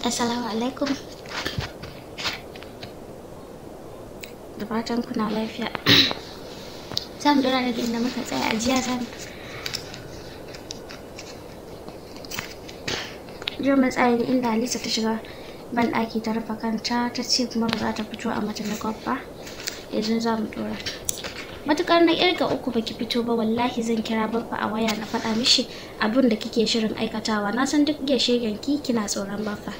Assalamualaikum da fatan kuna lafiya za mu dora daga inda muka tsaya a jiya za mu jiya mun tsaya da inda Alisa ta shiga ban ɗaki ta rufe kanta ta ce kuma ba za ta fito a mata na ba yanzu za mu dora matukar na kirga uku baki fito ba wallahi zan kira baffa a waya na faɗa mishi abun da kike shirin aikatawa na san duk shegen ki kina tsoron baffa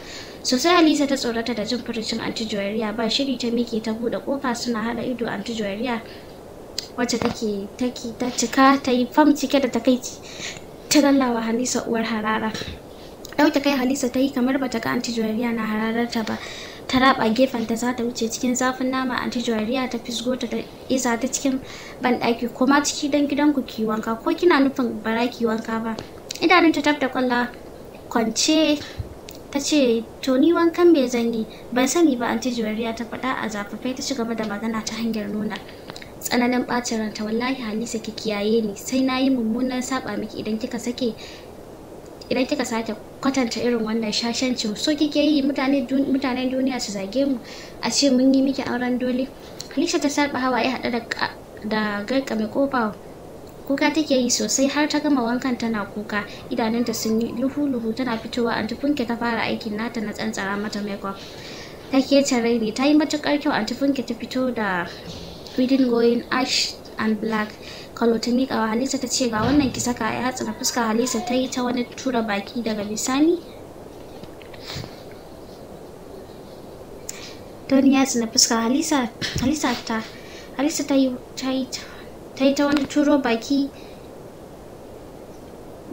sosai halisa ta tsorata da jin furucin anti joyariya ba shiri ta mike ta buɗe kofa suna hada ido anti joyariya wacce take take ta cika ta yi fam cike da takaici ta lallawa halisa uwar harara ɗauke kai halisa ta yi kamar bata ga anti joyariya na harararta ba ta raba gefenta za ta wuce cikin zafin nama anti jariya ta fisgo ta isa ta cikin banɗaki ko ma ciki don ku ki wanka ko kina nufin bara ki wanka ba idanun ta tafta kwalla kwance ta ce to ni wankan bai zan ban sani ba anti jariya ta faɗa a zafafai ta ci gaba da magana ta hanyar nuna tsananin ɓacin ranta wallahi halisa ki kiyaye ni sai na yi mummunan saba miki idan kika sake idan kika sake kwatanta irin wannan shashancin so kike yi mutanen duniya su zage mu a ce mun yi miki auren dole Lisha ta sarba ya hada da garka mai kofa kuka take yi sosai har ta gama wankan tana kuka idanunta sun yi luhu-luhu tana fitowa a funke ta fara aikin nata na tsantsara mata makeup ta ke tare ne. ta yi matukar kyau anti funke ta fito da reading going ash and black kalo ta miƙa wa halisa ta ce ga wannan ki saka ya tsina fuska halisa ta yi ta wani tura baki daga bisani Tony ya tsina fuska halisa halisa ta halisa ta yi ta yi ta wani turo baki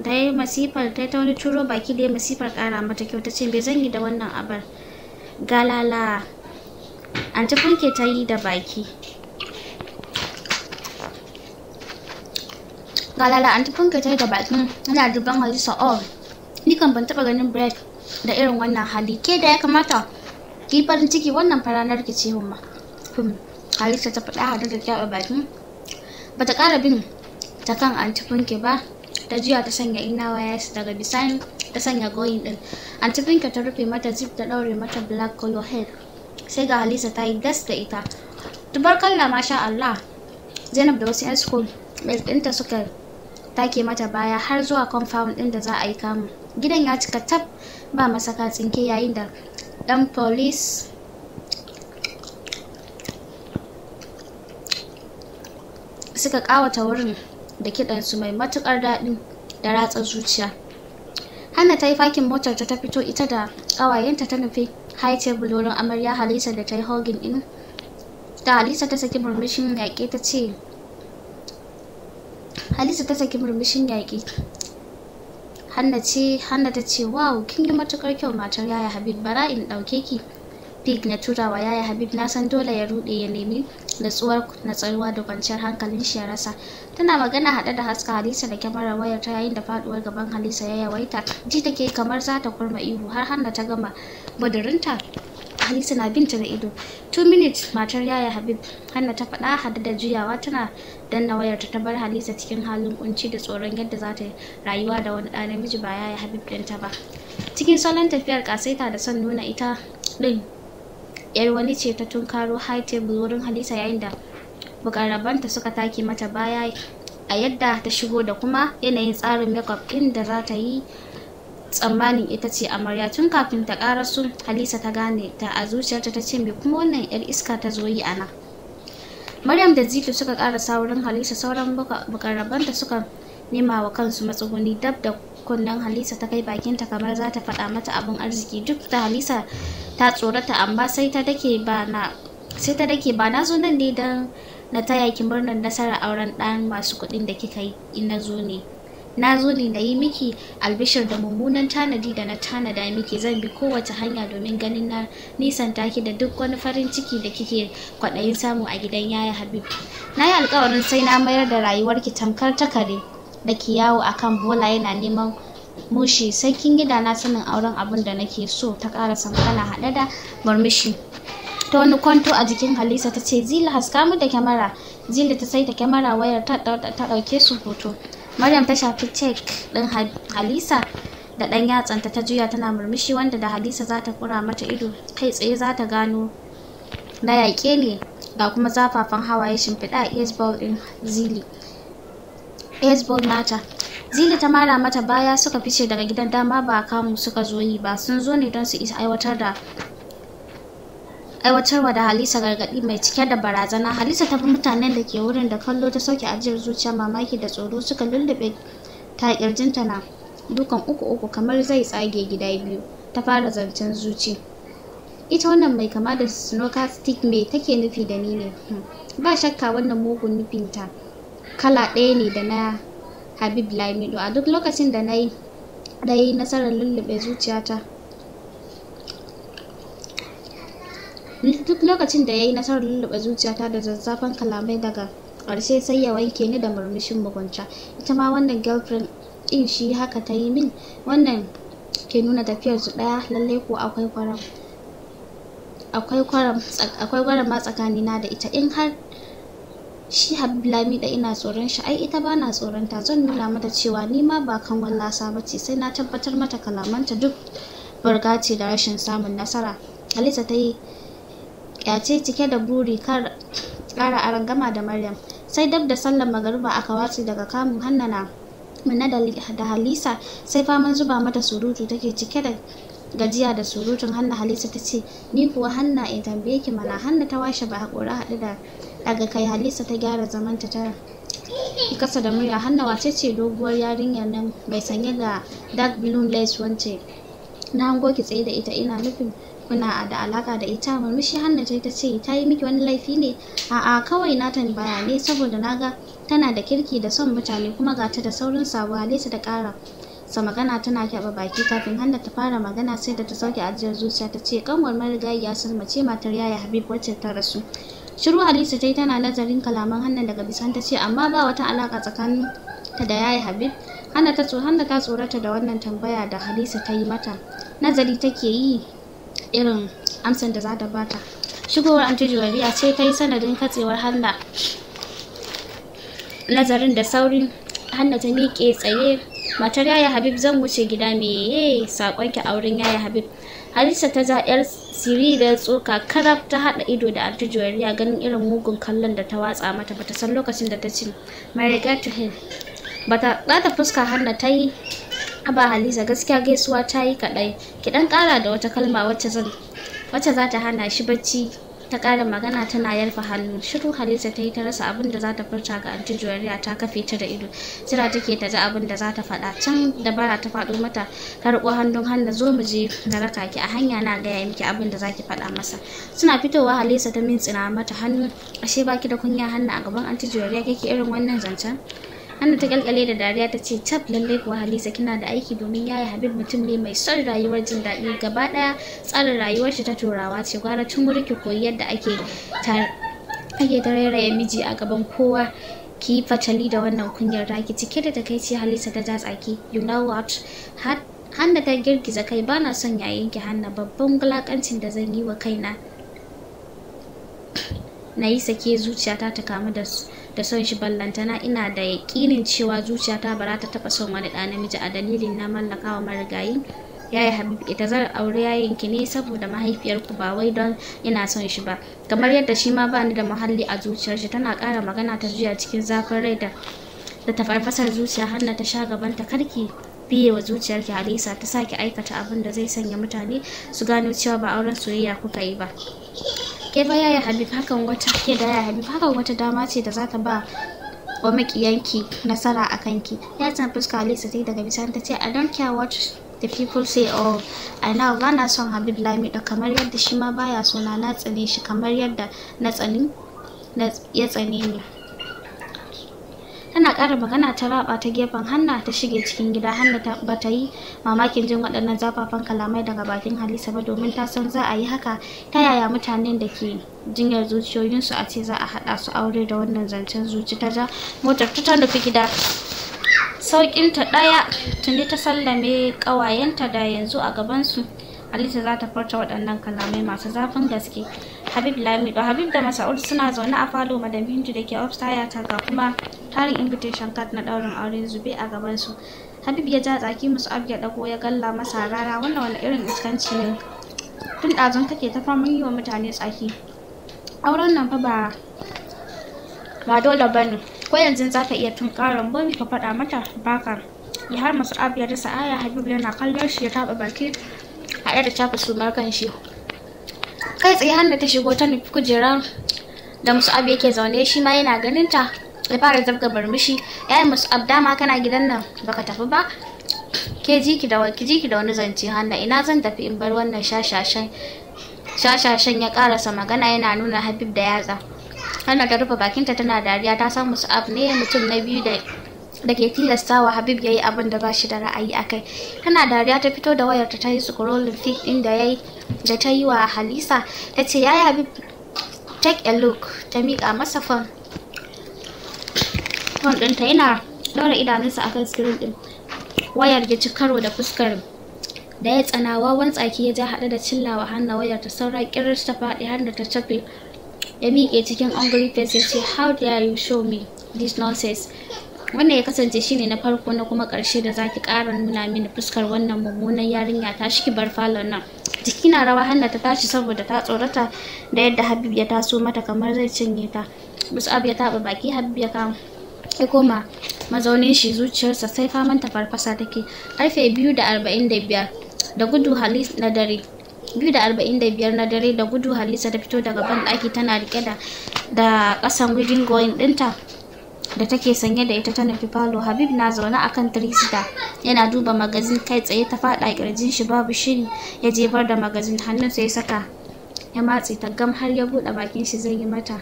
da ya masifar ta yi ta wani turo baki da ya masifar kara mata kyau ta ce bai zan yi da wannan abar galala an funke ta yi da baki ga lala an tufin kai da bakin yana duban hajisa oh. Nikan ban taba ganin break da irin wannan hali ke da ya kamata ki farin ciki wannan faranar ki ce humma halitta ta faɗa hada da kyaɓa bakin bata ƙara bin ta kan antifinke ba ta jiya ta sanya inawa ya daga bisani ta sanya goyin din antifinke ta rufe mata zip ta ɗaure mata black color hair sai ga halisa ta yi gas da ita tubar kalla masha allah zainab da wasu yan school mai ɗinta suka take mata baya har zuwa compound ɗin da za a yi kamu gidan ya cika tab ba masaka tsinke yayin da ɗan police suka ƙawata wurin da kiɗansu mai matuƙar daɗin da ratsa zuciya hana ta yi fakin motar ta fito ita da ƙawayenta ta nufi high table wurin amarya halisa da ta yi hogin ɗin da halisa ta saki murmushin yaƙe ta ce Halisa ta saki murmushin yaƙi. Hanna ce, Hanna ta ce, "Wow, kin yi matukar kyau matar yaya Habib, bara in ɗauke ki." Pig na turawa yaya Habib na san dole ya ruɗe ya nemi natsuwar tsaruwa da kwanciyar hankalin shi ya rasa. Tana magana haɗe da haska Halisa da kyamarar wayar ta yayin da faɗuwar gaban Halisa ya yawaita. Ji take kamar za ta kurma ihu har Hanna ta gama badurinta Halisa na binta da ido. Two minutes matar yaya Habib. Hanna ta faɗa haɗe da juyawa tana danna wayar ta bar Halisa cikin halin kunci da tsoron yadda za ta rayuwa da wani ɗan namiji ba yaya Habib ɗinta ba. Cikin salon tafiyar kasaita da son nuna ita ɗin yar wani ce ta tunkaro high table wurin Halisa yayin da bukarabanta suka take mata baya a yadda ta shigo da kuma yanayin tsarin makeup ɗin da za ta yi tsammanin ita ce amarya tun kafin ta su Halisa ta gane ta a zuciyarta ta ce me kuma wannan yar iska ta zo yi a nan. maryam da zitu suka ƙara saurin halisa sauran da suka nema wa kansu matsuguni dab da kunnen halisa ta kai bakinta kamar za ta faɗa mata abin arziki duk da halisa ta tsorata amma sai ta dake ba na sai ta dake ba na zo nan ne don na taya ki murnar nasarar auren ɗan masu kuɗin da kika yi in na zo ne na zo ne na yi miki albishir da mummunan tanadi da na tanada miki zan bi kowace hanya domin ganin na nisan taki da duk wani farin ciki da kike kwaɗayin samu a gidan yaya habib na yi alkawarin sai na mayar da rayuwarki tamkar ta kare da ki yawo a kan bola yana neman mushi sai kin gida na sanin auren abin da nake so ta ƙara sankana haɗe da murmushi ta wani kwanto a jikin halisa ta ce zila haska mu da kyamara zila ta sai saita kyamara wayar ta ɗauke su hoto Maryam ta shafi cek ɗin Halisa da ɗan yatsanta ta juya tana murmushi wanda da Halisa za ta kura mata ido kai tsaye za ta gano na yaƙe ne ga kuma zafafan hawaye shimfiɗa a baseball ɗin Zili. Baseball nata. Zili ta mara mata baya suka fice daga gidan dama ba kamu suka zo yi ba sun zo ne don su isa aiwatar da aiwatarwa da Halisa gargaɗi mai cike da barazana. Halisa ta bi mutanen da ke wurin da kallo ta sauke ajiyar zuciya mamaki da tsoro suka lullube ta ƙirjinta na dukan uku uku kamar zai tsage gida biyu ta fara zancen zuci. Ita wannan mai kama da snooker stick me take nufi da ni ne. Hmm. Ba shakka wannan mugun nufinta kala ɗaya ne da na Habib Lamido a duk lokacin da na yi nasarar lullube zuciyata. duk lokacin da ya yi nasarar lullube zuciyata da zazzafan kalamai daga ƙarshe sai ya wanke ni da murmushin mugunta ita ma wannan girlfriend din shi haka ta yi min wannan ke nuna tafiyar su ɗaya lallai ko akwai kwaram akwai kwaram akwai kwaram tsakanina da ita in har shi habibulami da ina tsoron shi ai ita ba na tsoron ta zan nuna mata cewa ni ma ba kan wallasa ba ce sai na tabbatar mata kalamanta duk burga da rashin samun nasara Alisa ta yi kyace cike da buri kar kara arangama da Maryam sai dab da sallar magariba aka watsi daga kamun hannana munna da Halisa sai faman zuba mata surutu take cike da gajiya da surutun hanna halisa ta ce ni kuwa hanna in tambaye ki mana hanna ta washe ba hakura haɗu da daga kai halisa ta gyara zamanta ta kasa da murya hanna wace ce doguwar yarinyar nan mai sanye da dark blue lace wance na hango ki tsaye da ita ina nufin kuna da alaka da ita murmushi hannu ta ta ce ta yi miki wani laifi ne a'a kawai na tambaya ne saboda na ga tana da kirki da son mutane kuma ga ta da saurin sabuwa nesa da kara sa magana tana kyaɓa baki kafin hannu ta fara magana sai da ta sauke ajiyar zuciya ta ce kanwar ya sun mace matar yaya habib wacce ta rasu shiru halisa ta yi tana nazarin kalaman hannun daga bisan ta ce amma ba wata alaka tsakanin ta da yaya habib hana ta tsorata da wannan tambaya da halisa ta yi mata nazari take yi irin amsan da za ta bata shigowar anti ce ta yi sanadin katsewar hannu nazarin da saurin Hannu ta miƙe tsaye matar yaya habib zan wuce gida eh, saƙon ki auren yaya habib halitta ta ja yar siri da tsoka karab ta haɗa ido da anti ganin irin mugun kallon da ta watsa mata bata san lokacin da ta ce my regard to him bata ɓata fuska hannu ta yi Aba Halisa gaskiya gaisuwa ta yi kaɗai. Ki ɗan ƙara da wata kalma wacce zan za ta hana shi bacci ta ƙara magana tana yarfa hannu shiru halisa ta yi ta rasa abin da za ta furta ga anti juwariya ta kafe ta da ido jira take ta ji abin da za ta faɗa can da bara ta faɗo mata ta riƙo hannun hannu zo mu je na raka ki a hanya na gaya miki abin da za ki faɗa masa suna fitowa halisa ta mintsina mata hannu ashe baki da kunya hannu a gaban anti juwariya kake irin wannan zancen Hanna ta kalkale da dariya ta ce tab lallai kuwa Halisa kina da aiki domin yaya Habib mutum ne mai son rayuwar jin daɗi gaba ɗaya tsarin rayuwar shi ta turawa ce gwara tun wuri ki koyi yadda ake ake ta rairaya miji a gaban kowa ki fatali da wannan kunyar taki cike da takaici Halisa ta ja tsaki you know what Hanna ta girgiza kai ba na son yayin ki Hanna babban gulakancin da zan yi wa kaina na yi sake zuciyata ta kamu da su da son shi ballantana ina da yaƙinin cewa zuciya ta za ta taba son wani ɗa namiji a dalilin na mallakawa marigayi ya yi habib ita zar aure yayin ki ne saboda mahaifiyar ku ba wai don ina son shi ba kamar yadda shi ma bani da muhalli a zuciyar shi tana ƙara magana ta juya cikin zafin rai da da tafarfasar zuciya na ta sha gaban gabanta karki biye wa zuciyarki halisa ta sake aikata abin da zai sanya mutane su gano cewa ba auren soyayya kuka yi ba ke fa yaya habib hakan wata ke da yaya habib hakan wata dama ce da za ta ba wa makiyanki nasara a kanki ya san fuska alisa ta daga bisan ta ce i don't care what the people say oh i know ba son habib lami da kamar yadda shi ma baya suna na tsane shi kamar yadda na tsani ya tsane ni tana ƙara magana ta raba ta gefen hanna ta shige cikin gida hanna ta bata yi mamakin jin waɗannan zafafan kalamai daga bakin halisa ba domin ta san za a yi haka ta yaya mutanen da ke jinyar zuciyoyinsu a ce za a haɗa su aure da wannan zancen zuci ta ja motar ta nufi gida sauƙinta ɗaya tunda ta sallame ƙawayenta da yanzu a gabansu halisa za ta furta waɗannan kalamai masu zafin gaske habib lamido habib da masa'ud suna zaune a falo madam hindu da ke upstairs ta ga kuma tarin invitation card na daurin aure zube a gaban su habib ya ja tsaki musu abu ya dago ya galla masa rara wannan wani irin iskanci ne tun ɗazun kake ta fama yi wa mutane tsaki auren nan fa ba ba dole bane ko yanzu za ka iya tunkarar bobi ka faɗa mata baka ya har masu ya rasa aya habib yana kallon shi ya taɓa baki haɗe da cafa su markan shi kai tsaye hannu ta shigo ta nufi kujerar da Musa'ab yake zaune shi ma yana ganin ta ya fara zabga barmishi musu abu dama kana gidan nan baka tafi ba ke ji ki da da wani zance hanna ina zan tafi in bar wannan shashashan shashashan ya karasa magana yana nuna Habib da yatsa hanna ta rufe bakinta tana dariya ta san abu ne mutum na biyu da da ke tilasta wa Habib ya yi abin da ba shi da ra'ayi a kai. Tana dariya ta fito da wayar ta yi scrolling fik din da ya yi da ta yi wa Halisa ta ce ya yi Habib take a look ta miƙa masa fon. Fon ɗinta yana ɗora idanunsa a kan screen ɗin. Wayar ya ci karo da fuskar da ya tsana wawan tsaki ya ja haɗe da cillawa hannu wayar ta saura kirar ta faɗi har da ta tafi ya miƙe cikin angry face ya ce how dare you show me this nonsense wannan ya kasance shine na farko na kuma karshe da zaki kara nuna mini fuskar wannan mummunan yarinya ta shi bar falon nan jiki na rawa hanna ta tashi saboda ta tsorata da yadda habib ya taso mata kamar zai cinye ta musab ya taba baki habib ya kama ya koma mazaunin shi zuciyarsa sai faman ta farfasa take karfe biyu da arba'in da biyar da gudu halis na dare biyu da arba'in da biyar na dare da gudu halisa ta fito daga ban ɗaki tana rike da da ƙasan gudun goyin ɗinta da take sanye da ita ta nufi falo habib na zaune a kan trista yana duba magazin kai tsaye ta faɗa ƙirjin shi babu shiri ya jefar da magazin hannunsa ya saka ya matse ta gam har ya buɗe bakin shi zai yi mata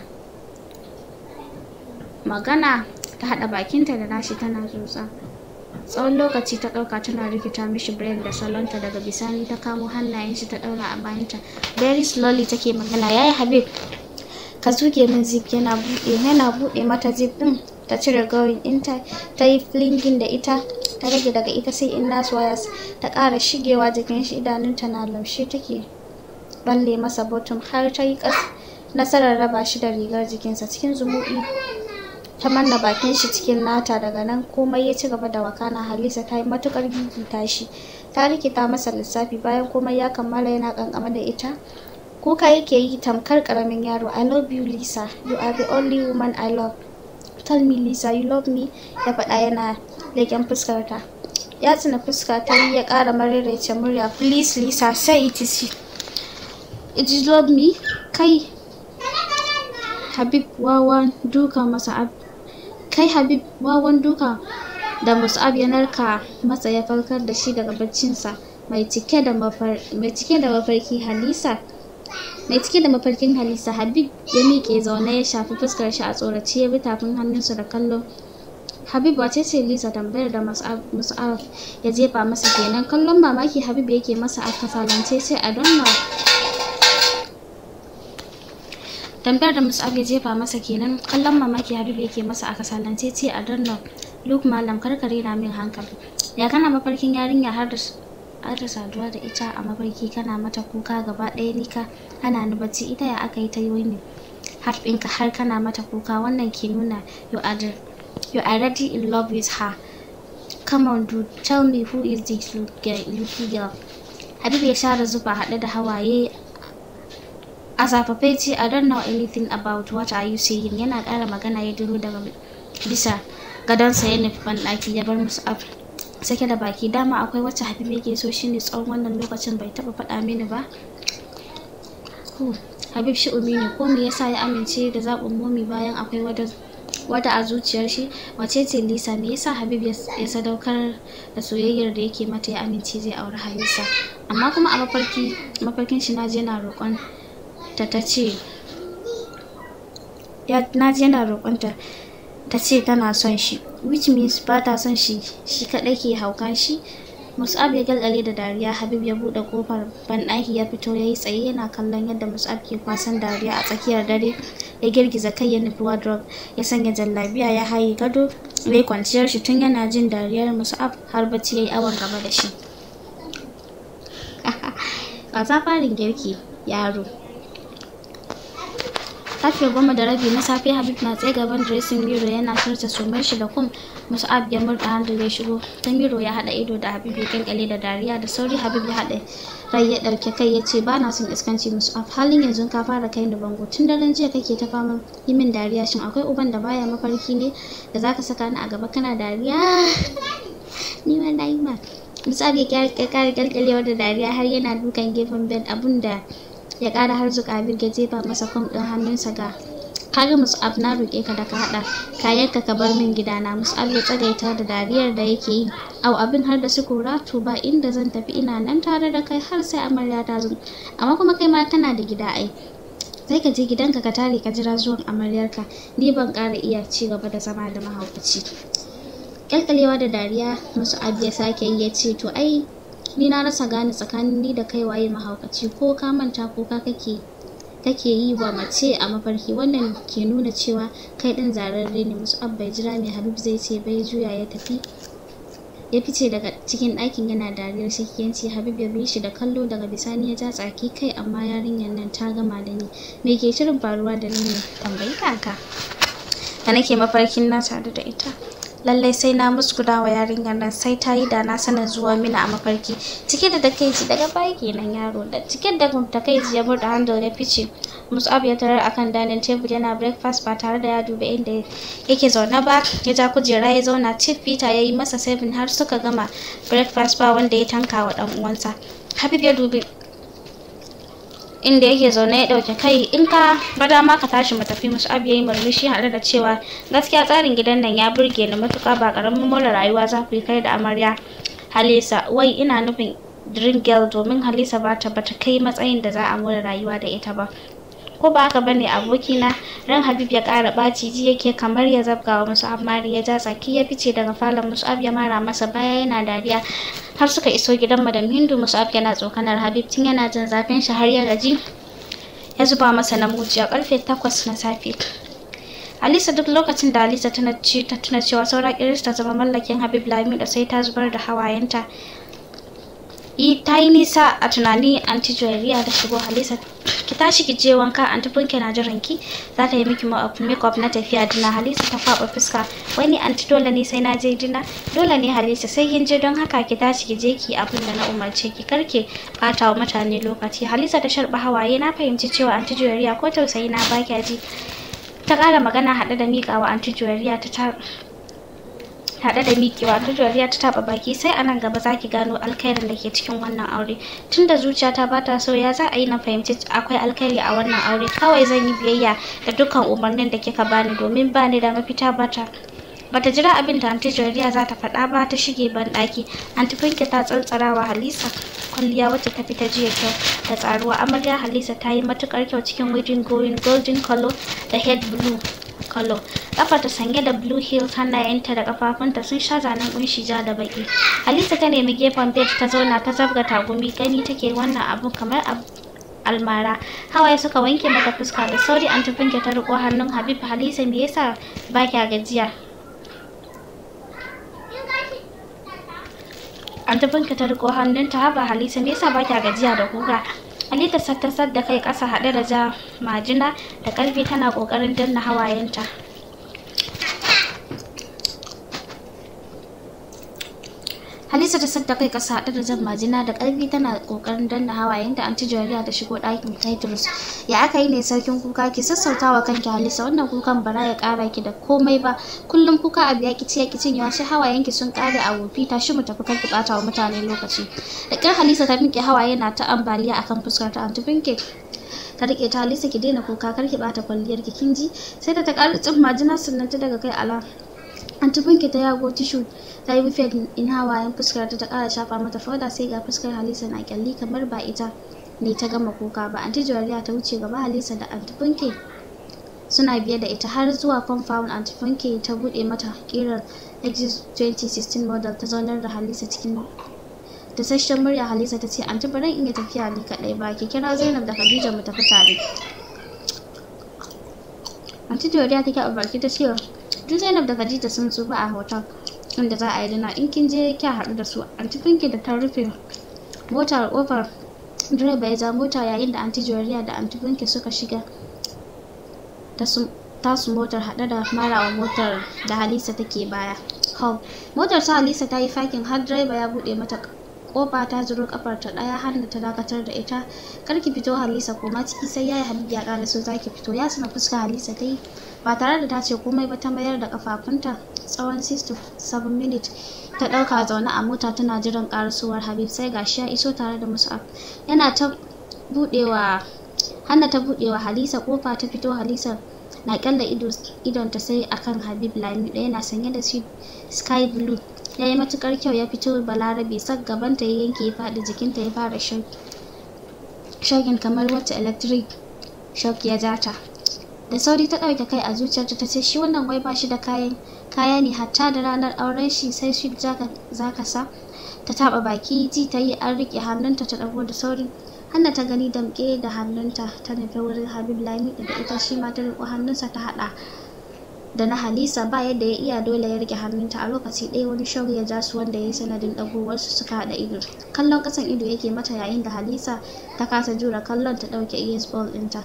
magana ta haɗa bakinta da nashi tana tsotsa tsawon lokaci ta ɗauka tana rikita mishi brain da salonta daga bisani ta kamo hannayen shi ta ɗaura a bayanta very slowly take magana yayi habib ka zuge min zip yana buɗe yana buɗe mata zip ɗin ta cire gaurin ɗinta ta yi flingin da ita ta rage daga ita sai inna wires ta ƙara shigewa jikin shi idanunta na laushe take balle masa bottom har ta yi nasarar raba shi da rigar jikinsa cikin zumuɗi ta manna bakin shi cikin nata daga nan komai ya ci gaba da wakana halisa ta yi matukar gigita shi ta rikita masa lissafi bayan komai ya kammala yana kankama da ita kuka yake yi tamkar karamin yaro i love you lisa you are the only woman i love tell me lisa you love me ya faɗa yana leken fuskarta ya tsina fuska ta ya ƙara mararece murya please lisa say it is it is love me kai habib wawan duka masa kai habib wawan duka da musab ya narka masa ya farkar da shi daga baccinsa mai cike da mafarki halisa mai cike da mafarkin halisa habib ya miƙe zaune ya shafi fuskar shi a tsorace ya bi tafin hannunsa da kallo habib wace ce lisa tambayar da arf ya jefa masa kenan kallon mamaki habib yake masa a kasalance sai a donna tambayar da mus'af ya jefa masa kenan kallon mamaki habib yake masa a kasalance sai a donna luke malam karkare na min hankali ya kana mafarkin yarinya har da buƙatar saduwa da ita a mafarki kana mata kuka gaba ɗaya nika ka ni bacci ita ya aka yi ta yi har ɗinka har kana mata kuka wannan ke nuna you are, the, you are already in love with her come on dude tell me who is this lucky girl Habib ya share zufa haɗe da hawaye a zafafe ce I don't know anything about what are you saying yana ƙara magana ya duro daga bisa gadonsa ya nufi banɗaki ya bar musu abu sake da baki dama akwai wacce habibu yake so shi ne tsawon wannan lokacin bai taba faɗa mini ba habib shi umi ne ko me yasa ya amince da zaɓin momi bayan akwai wata a zuciyar shi wace ce lisa me yasa habib ya sadaukar da soyayyar da yake mata ya amince zai auri halisa amma kuma a mafarkin shi na yana roƙon yana roƙon ta ce tana son shi which means ba ta son shi shi kaɗai ke haukan shi mus'ab ya galgale da dariya habib ya buɗe kofar banɗaki ya fito ya yi tsaye yana kallon yadda mus'ab ke kwasan dariya a tsakiyar dare ya girgiza kai ya nufi wardrobe ya sanya jallabiya ya haye gado mai kwanciyar shi tun yana jin dariyar mus'ab har bacci ya yi awon gaba da shi a farin girki yaro karfe goma da rabi na safe habib na tsaye gaban dressing biro yana furta sumar shi da kum musa'ab ya murda handle ya shigo biro ya hada ido da habib ya kankale da dariya da sauri habib ya hada rai ya darke kai ya ce bana na son iskanci musa'ab halin yanzu ka fara kai da bango tun daren jiya kake ta fama yi min dariya shin akwai uban da baya mafarki ne da zaka saka ni a gaba kana dariya ni ma na yi ma ya kyara kyalkyalewar da dariya har yana dukan gefen bed abun da ya ƙara har zuka birge jefa masa fom ɗin hannunsa ga kaga mus'ab na roƙe ka da ka haɗa kayan ka bar min gidana mus'ab ya tsagaita da dariyar da yake yi au abin har da su kura to ba inda zan tafi ina nan tare da kai har sai amarya ta zo amma kuma kai ma kana da gida ai sai ka je gidanka ka tare ka jira zuwan amaryarka ni ban ƙara iya ci gaba da zama da mahaukaci kyalkalewa da dariya musu abu ya sake yi ya ce to ai ni na rasa gane tsakanin ni da kai waye mahaukaci ko ka manta ko ka kake kake yi wa mace a mafarki wannan ke nuna cewa kai din zararre ne musu abba jira mai habib zai ce bai juya ya tafi ya fice daga cikin ɗakin yana dariyar shakiyanci habib ya bi shi da kallo daga bisani ya ja tsaki kai amma yarinyar nan ta gama da ni me ke shirin faruwa da ni ne tambayi kaka da nake mafarkin na tare da ita lallai sai na musu muskuda wa yarinyar nan sai ta yi da na sanin zuwa mina a mafarki cike da takaici daga baya kenan yaro da cike da takaici ya burda handle ya fice musab ya tarar akan dining table yana breakfast ba tare da ya duba inda yake zauna ba ya ja kujera ya zauna chief peter ya yi masa seven har suka gama breakfast ba wanda ya tanka wa dan uwansa habib ya dubi inda yake zaune ya ɗauke kai in ka ba dama ka tashi mu tafi musu abu yayi murmushi haɗe da cewa gaskiya tsarin gidan nan ya burge ni matuƙa ba karamin more rayuwa za ku yi kai da amarya halisa wai ina nufin dream girl domin halisa ba ta bata kai matsayin da za a more rayuwa da ita ba ko ba haka bane abokina ran habib ya ƙara ɓaci ji yake kamar ya zabga wa musu amari ya ja tsaki ya fice daga falon musu ya mara masa baya yana dariya har suka iso gidan madam hindu musu yana tsokanar habib tun yana jin zafin shi har ya gaji ya zuba masa na a karfe takwas na safe Alisa duk lokacin da Alisa tana ta tuna cewa saura Iris ta zama mallakin Habib Lami da sai ta zubar da hawayenta. Yi ta yi nisa a tunani anti da shigo Halisa. ki tashi ki je wanka an antifunke na jiran ki za ta yi miki makeup na tafiya dina halisa ta kwaba fuska wani anti dole ne sai na je dina dole ne halisa sai kin je don haka ki tashi ki je ki abin da na umarce ki karke bata wa mutane lokaci halisa ta sharba hawaye na fahimci cewa anti juriya ko tausayi na baki ji ta ƙara magana haɗe da miƙawa anti juriya ta haɗe da miƙewa ta ta taɓa baki sai a nan gaba za ki gano alkhairin da ke cikin wannan aure tunda zuciyata ba ta so ya za a yi na fahimci akwai alkhairi a wannan aure kawai zan yi biyayya da dukkan umarnin da kika bani domin bani da mafita bata bata jira abin da anti jariya za ta faɗa ba ta shige ban ɗaki anti fanke ta tsantsarawa halisa kwalliya wacce ta fita jiya kyau da tsaruwa amarya halisa ta yi matukar kyau cikin wajen golden color da head blue color ta sanye da blue heels hannayenta da kafafunta sun sha zanen kunshi ja da baki halisa ta nemi gefen bed ta zauna ta zabga tagumi gani take wannan abu kamar almara hawaye suka wanke mata fuska da sauri an tufinke ta riko hannun habib halisa me yasa ba kya gajiya an ta riko hannunta haba halisa me yasa ba kya gajiya da kuka Anita ta da kai ƙasa haɗe da ja majina da ƙarfi tana ƙoƙarin danna hawayenta. Halisa ta sadda kai kasa da jan majina da ƙarfi tana ƙoƙarin danna hawayen da anti Jariya ta shigo ɗakin Titus. Ya aka yi ne sarkin kuka ki sassautawa kanki Halisa wannan kukan bara ya ƙara ki da komai ba. Kullum kuka abu ya kici ya kicin ya shi hawayen ki sun ƙare a wofi ta shi mu tafi kan ki ɓata wa mutane lokaci. Da ƙar Halisa ta miƙe hawaye na ta ambaliya akan fuskar ta anti Binke. ta rike ta Halisa ki daina kuka kar ki bata kwalliyar ki kinji sai da ta ƙara tsumma jina sannan ta daga kai ala Anti Binki ta yago tishu ta yi rufe in hawayen fuskar ta kara shafa mata fauda sai ga fuskar Halisa na kyalli kamar ba ita ne ta gama kuka ba. Anti Joriya ta wuce gaba Halisa da Anti Binki suna biye da ita har zuwa compound Anti ta buɗe mata kirar Exit 2016 model ta zaunar da Halisa cikin da sashen murya Halisa ta ce an bari in iya tafiya ni kadai ba ki kira Zainab da Khadija mu tafi tare. Anti take a baki ta ce duk zainab da khadija sun tsufa a hotel inda za a yi dana in kin je kya haɗu da su cikin ki da ta rufe motar over direba ya ja mota yayin da anti joriya da anti suka shiga tasu motar haɗe da marawa motar da halisa take baya hau motar ta halisa ta yi fakin har direba ya buɗe mata kofa ta zuro kafar ta daya har da ta dakatar da ita kar ki fito halisa koma ciki sai yayi habib ya kara so zaki fito ya sana fuska halisa ta yi ba tare da ta ce komai ba ta mayar da kafafunta tsawon 6 7 minutes ta dauka zaune a mota tana jiran karasuwar habib sai gashi ya iso tare da musu yana ta budewa hanna ta buɗewa halisa kofa ta fito halisa na kyalla idonta sai akan habib lami ɗaya na sanye da sky blue ya yi matukar kyau ya fito balarabe sak gabanta ya yanke ya faɗi jikinta ya fara shagin kamar wata electric shock ya jata da sauri ta ɗauke kai a zuciyarta ta ce shi wannan wai ba shi da kayan kaya ne hatta da ranar auren shi sai shi za ka sa ta taɓa baki ji ta yi an riƙe hannunta ta ɗago da sauri hannu ta gani damƙe da hannunta ta nufi wurin habib lami da ita shi ma ta riƙo hannunsa ta haɗa da na halisa ba yadda ya iya dole ya rike hannunta a lokaci ɗaya wani shauri ya ja su wanda ya yi sanadin ɗagowarsu suka haɗa ido kallon ƙasan ido yake mata yayin da halisa ta kasa jura kallon ta ɗauke esbol ɗinta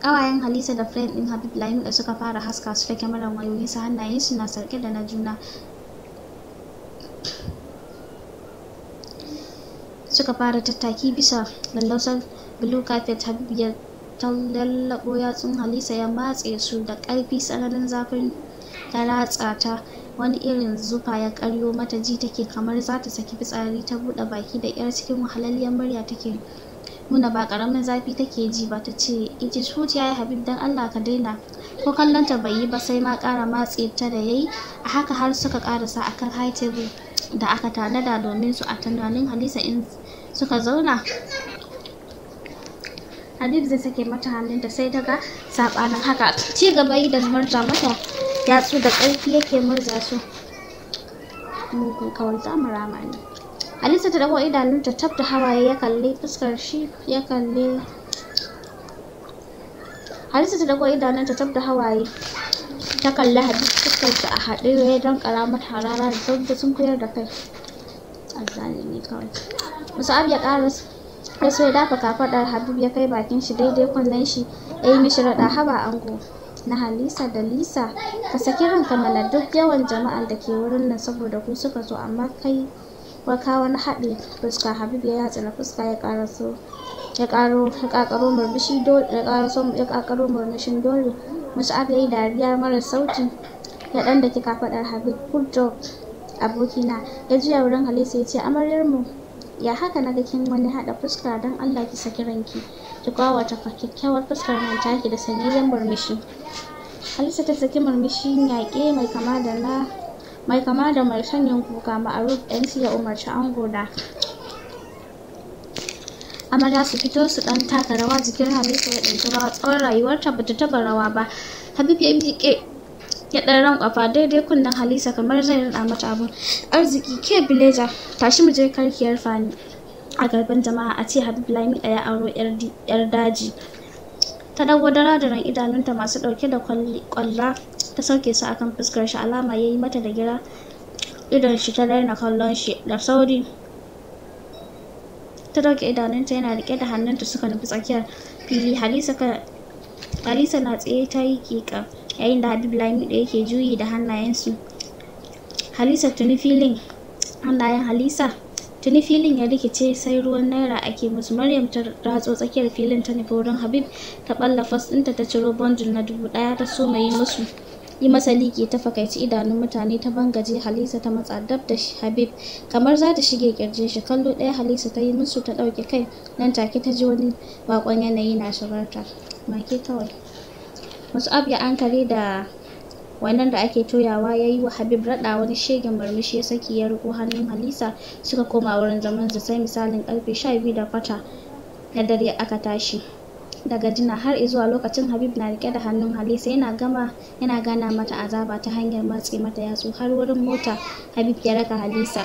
kawayen Halisa da friend ɗin Habib Lahim da suka fara haska su da kyamarar wayoyi su hannayen su na sarki da na juna. Suka fara tattaki bisa lallausar blue carpet Habib ya tallallabo yatsun Halisa ya matse su da ƙarfi tsananin zafin ta ratsa ta wani irin zufa ya karyo mata ji take kamar za ta saki fitsari ta buɗe baki da 'yar cikin wahalalliyar murya take Muna ba ƙaramin zafi take ji ba ta ce, Iji shuti ya yi Habib don Allah ka daina. Ko kallon ta bai yi ba sai ma ƙara matse ta da yayi, a haka har suka ƙarasa akan high table da aka tanada domin su a tunanin Halisa in suka zauna. Habib zai sake mata hannunta sai daga sabanin haka. Ci gaba yi da murza mata yatsu da ƙarfi yake murza su. mu kawai ne. Alisa ta dago idanunta tab da hawaye ya kalle fuskar shi ya kalle. Alisa ta dago idanunta tab da hawaye ta kalli Hadis fuskar ta a haɗe ya dan karamar harara da sauki sun koyar da kai. ne kawai. Musa'ab ya ƙara ya so ya dafa kafaɗar Habib ya kai bakin shi daidai kunnen shi ya yi mishi raɗa haba ango. na Halisa da Lisa ka saki ranka mana duk yawan jama'an da ke wurin nan saboda ku suka zo amma kai waka wani haɗe fuska habib ya yatsa na fuska ya karaso ya karo ya murmushi dole ya karaso ya kakaro murmushin dole musa'ab aka yi dariya mara sauti ya ɗan da kika faɗar habib good job abokina ya juya wurin halisa ya ce amaryar mu ya haka na kin wani haɗa fuska don allah ki saki ranki ki kwawata kyakkyawar fuskar nan taki da sanyayyen murmushi halisa ta saki murmushin yaƙe mai kama da na mai kama da mai sanyin kuka ma'aruf NC ya umarci ango da amarya su fito su dan taka rawa jikin Hamisa, ya ɗauki rawa tsawon rayuwarta bata taba rawa ba habib ya miƙe ya ɗan ran ƙafa daidai kunnen halisa kamar zai rinda mata abu arziki ke bileja tashi mu je karkiyar fani a gaban jama'a a ce habib lami ɗaya auro yar daji ta da ran idanunta masu ɗauke da kwalla ta sauke su akan fuskar shi alama yayi mata da gira idon shi ta daina kallon shi da sauri ta dauke idanunta yana rike da hannunta suka nufi tsakiyar fili halisa na tsaye ta yi kika yayin da habib lami da yake juyi da hannayensu halisa tuni filin hannayen halisa tuni filin ya rikice sai ruwan naira ake musu maryam ta ratso tsakiyar filin ta nufi wurin habib ta balla fas ɗinta ta ciro bundle na dubu ɗaya ta so mai musu yi masa liƙi ta fakaici idanun mutane ta bangaje halisa ta matsa dab da habib kamar za ta shige kirjin shi kallo ɗaya halisa ta yi musu ta ɗauke kai nan take ta ji wani bakon yanayi na shigarta make kawai wasu abu ya ankare da wannan da ake toyawa ya yi wa habib raɗa wani shegen murmushi ya saki ya riko hannun halisa suka koma wurin zaman su sai misalin karfe sha da kwata na dare aka tashi daga jina har zuwa lokacin habib na rike da hannun halisa yana gama yana gana mata azaba ta hanyar matse mata yatsu har wurin mota habib ya raka halisa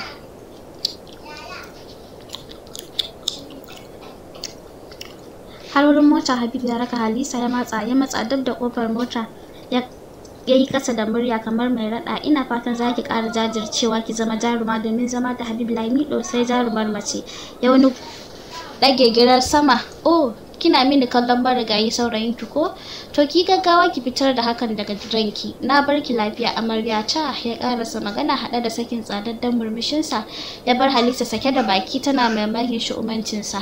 har wurin mota habib ya raka halisa ya matsa ya matsa duk da kofar mota ya ya yi ƙasa da murya kamar mai raɗa ina fatan za ki ƙara jajircewa ki zama jaruma domin zama da habib lamido sai jarumar mace ya wani ɗage girar sama oh kina mini kallon marigayi saurayin ki ko to ki gaggawa ki fitar da hakan daga ranki na barki lafiya amarya ta ya karasa magana hada da sakin tsadaddan murmushinsa ya bar halisa sake da baki tana mamakin shi'umancinsa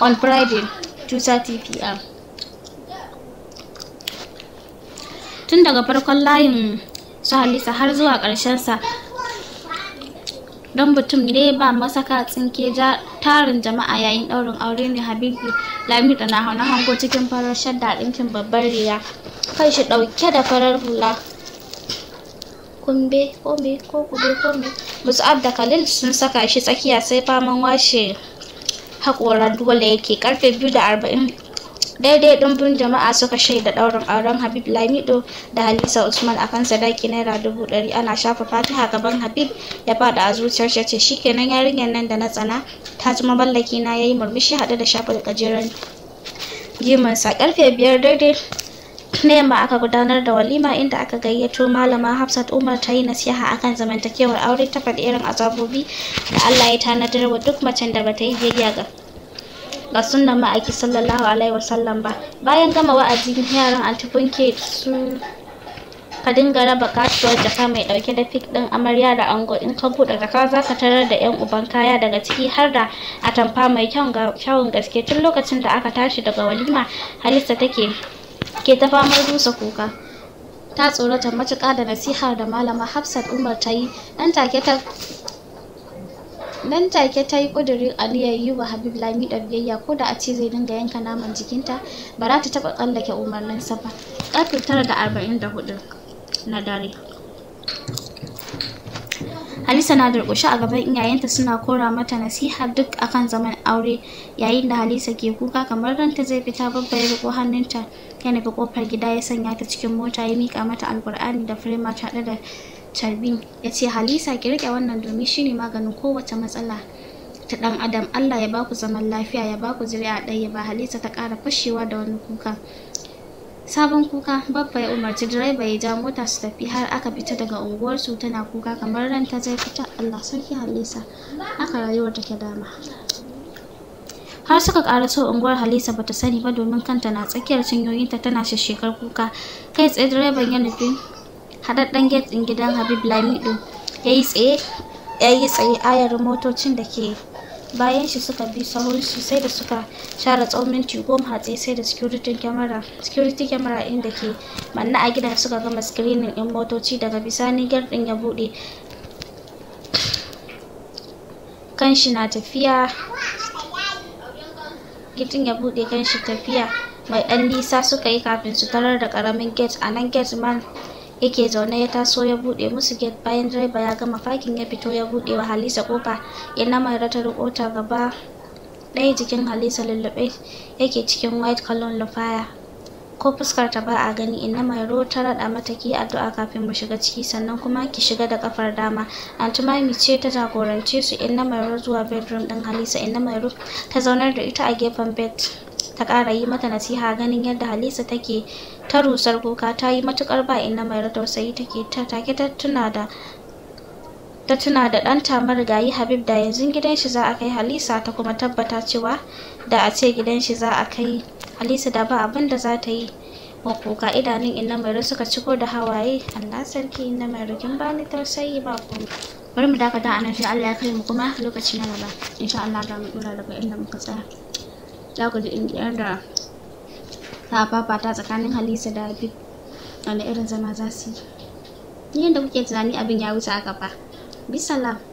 on friday 2:30 pm tun daga farkon layin su halisa har zuwa karshen sa don mutum ne ba masaka tsinke tarin jama'a yayin ɗaurin aure ne habibu lami da na hango cikin farar shadda ɗinkin babbar riya kai shi ɗauke da farar hula kumbe kumbe ko kube kumbe musa'ab da khalil sun saka shi tsakiya sai faman washe haƙoran dole yake karfe biyu da arba'in daidai ɗumbin jama'a suka shaida ɗaurin auren habib lamido da halisa usman a kan sadaki naira dubu ɗari ana shafa fatiha gaban habib ya fada a zuciyar shi ce shikenan yarinyar nan da na tsana ta zama mallaki na yayi murmushi haɗe da shafa gajeren gimansa karfe biyar daidai na yamma aka gudanar da walima inda aka gayyato malama hafsat umar ta yi nasiha akan zamantakewar aure ta faɗi irin azabobi da allah ya tanadar wa duk macen da bata yi biyayya ga ga sunnan ma'aiki sallallahu alaihi wasallam ba bayan gama wa'azi yaran ke su ka dinga raba kasuwar jaka mai dauke da fik din amarya da ango in ka bude jaka za ka tarar da yan uban kaya daga ciki har da atamfa mai kyawun gaske tun lokacin da aka tashi daga walima halitta take ke ta famar rusa kuka ta tsorata matuƙa da nasiha da malama hafsat umar ta yi ɗan take ta nan take ta yi ƙudurin aliyar yi wa habib lami da biyayya ko da a ce zai dinga yanka naman jikinta ba za ta taɓa tsallake umarninsa ba ƙarfe tara da arba'in da hudu na dare Halisa na durƙushe a gaban iyayenta suna kora mata nasiha duk akan zaman aure yayin da Halisa ke kuka kamar ranta zai fita babba ya riko hannunta ya nufi kofar gida ya sanya ta cikin mota ya mika mata alkur'ani da firima ta da carbi ya ce halisa ki rike wannan domin shine maganin kowace matsala ta dan adam allah ya baku zaman lafiya ya baku a ɗaya ba halisa ta ƙara fashewa da wani kuka sabon kuka babba ya umarci direba ya ja mota su tafi har aka fita daga unguwarsu tana kuka kamar ran ta zai fita allah sarki halisa aka rayuwar take dama har suka so unguwar halisa bata sani ba domin kanta na tsakiyar cinyoyinta tana shekar kuka kai tsaye direban ya nufi haɗaɗɗen gate ɗin gidan habib lamido ya yi tsaye ya tsaye ayar motocin da ke bayan shi suka bi shi sai da suka share tsawon minti goma hatsi sai da security camera security camera inda ke manna a gidan suka gama screening ɗin motoci daga bisani ɗin ya buɗe kanshi na tafiya gidan ya kan shi tafiya mai ɗan nisa suka yi kafin su tarar da karamin gate a nan gate man yake zaune ya taso ya bude musu gate bayan direba ya gama fakin ya fito ya bude wa halisa kofa ina mai rata rubuta gaba ɗaya jikin halisa lullube yake cikin white colon lafaya. ko fuskar ta ba a gani inna mai ta raɗa mata ki addu'a kafin mu shiga ciki sannan kuma ki shiga da kafar dama anti mami ce ta jagorance su inna mai zuwa bedroom ɗin halisa inna mai ta zaunar da ita a gefen bed ta ƙara yi mata nasiha ganin yadda Halisa take ta rusar kuka ta yi matuƙar ba inda mai tausayi take ta take ta tuna da ta tuna da ɗanta marigayi Habib da yanzu gidan shi za a kai Halisa ta kuma tabbata cewa da a ce gidan shi za a kai Halisa da ba abin da za ta yi wa kuka idanun inna mai suka ciko da hawaye Allah sarki inna mai rukin bani tausayi ba ku bari mu dakata a nan sai Allah ya kai mu kuma lokaci na gaba insha Allah ga mu dora daga inda muka tsaya za ku ji in da ta fafata tsakanin halisa da habib wanda irin zama za su yi yadda kuke tunani abin ya wuce haka fa bisalam